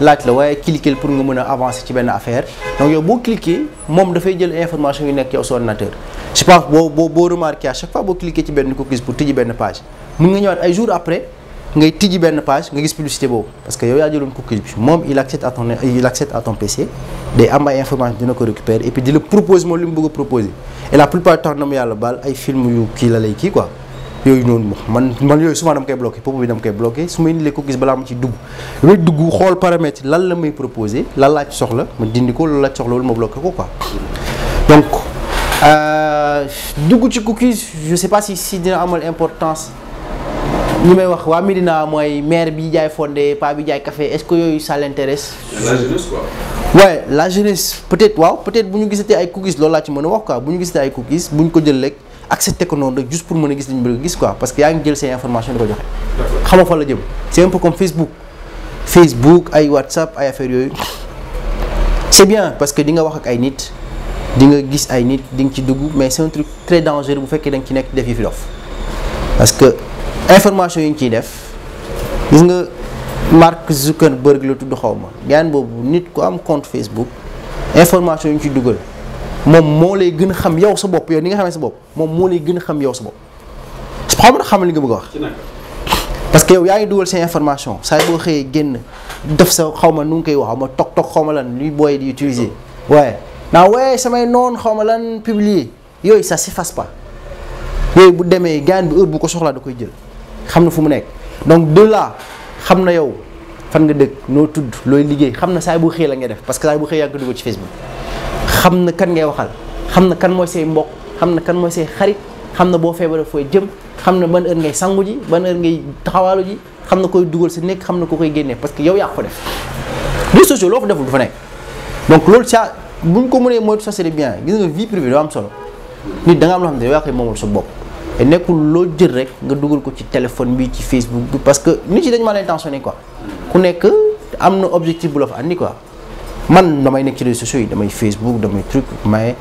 laaj la waaye cliquer pour nga mën a avancer ci benn affaire donc yow boo cliquer moom dafay jël information yu nekk yow sa ordinateur je pense boo boo boo remarqué à chaque fois boo cliquer ci benn cookies pour tijji benn page mun nga ñëwaat ay jours après ngay tijji benn page nga gis publicité boobu parce que yow yaa jëloon cookies bi moom il accède à PC day am ay information dina ko récupérer et puis di propose moom li mu bëgg a kii la lay kii quoi. yooyu noonu man man yooyu souvent dama koy bloqué pop bi dama koy bloqué su may indilee cookies balaa ma ci dugg damay dugg xool paramètres lan la may proposé lan laa ci soxla ma dindi ko loolu laa ci soxla wala ma ko quoi donc euh, dugg ci cookies je sais pas si dina amal importance ñi may wax waa Médina mooy maire bi jaay fondé paa bi jaay kafe est-ce que yooyu ça l'intéresse la la jeunesse peut-être waaw peut-être bu ñu gisatee ay cookies loolu laa ci mën a wax quoi bu ñu gisatee ay cookies bu ñu ko jël rek accepté ko noonu rek juste pour mën a gis li ñu bëgg gis quoi parce que yaa ngi jël say information di ko joxe. xamoo fa la jëm c'est un peu comme Facebook. Facebook ay WhatsApp ay affaire yooyu c'est bien parce que di nga wax ak ay nit di nga gis ay nit di nga ci dugg mais c'est un truc très dangereux bu fekkee da ci nekk def yi fi dof parce que information yi ñu ciy def gis nga Mark Zuckerberg la tudd xaw ma gaan boobu nit ku am compte Facebook information yi ñu ciy dugal. moom moo lay gën a xam yow sa bopp yow ni nga xamee sa bopp moom moo lay gën a xam yow sa bopp xam ma na xamal li nga bëgg wax parce que yaa ngi dugal seen information saa boo xëyee génn def sa xaw ma nu ngi koy wax xaw ma toog toog xaw ma lan luy booy di utiliser waaye naa waaye samay noon xaw ma lan publier yooyu ça s'efface pas yooyu bu demee gaan bi heure bu ko soxlaa da koy jël xam na fu mu nekk donc de là xam na yow fan nga dëkk noo tudd looy liggéey xam na saa boo xëyee la nga def parce que saa boo xëyee yaa ngi ko dugal ci Facebook xam na kan ngay waxal xam na kan mooy say mbokk xam na kan mooy say xarit xam na boo feebaree fooy jëm xam na ban heure ngay sangu ji ban heure ngay taxawaalu ji xam na koy dugal si nekk xam na ko koy génnee parce que yow yaa ko def réseaux sociaux loo fa deful du fa nekk donc loolu bu buñ ko mënee moytu sa c'est bien gis nga vie privée doo am solo nit danga am loo xam ne yow yaa koy moomal sa bopp nekkul loo jël rek nga dugal ko ci téléphone bi ci Facebook bi parce que nit yi dañu mal intentionné quoi ku nekk am na objectif bu la fa andi quoi man damay nekk ci réseaux sociaux yi damay Facebook damay truc mais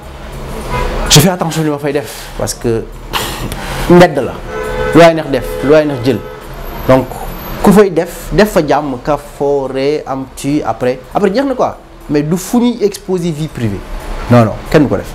je fais attention li ma fay def parce que mbedd la lu waay neex def lu waay neex jël donc ku fay def def fa jàmm ka foore am ci après après jeex na quoi mais du fu ñuy exposer vie privée non non kenn du ko def.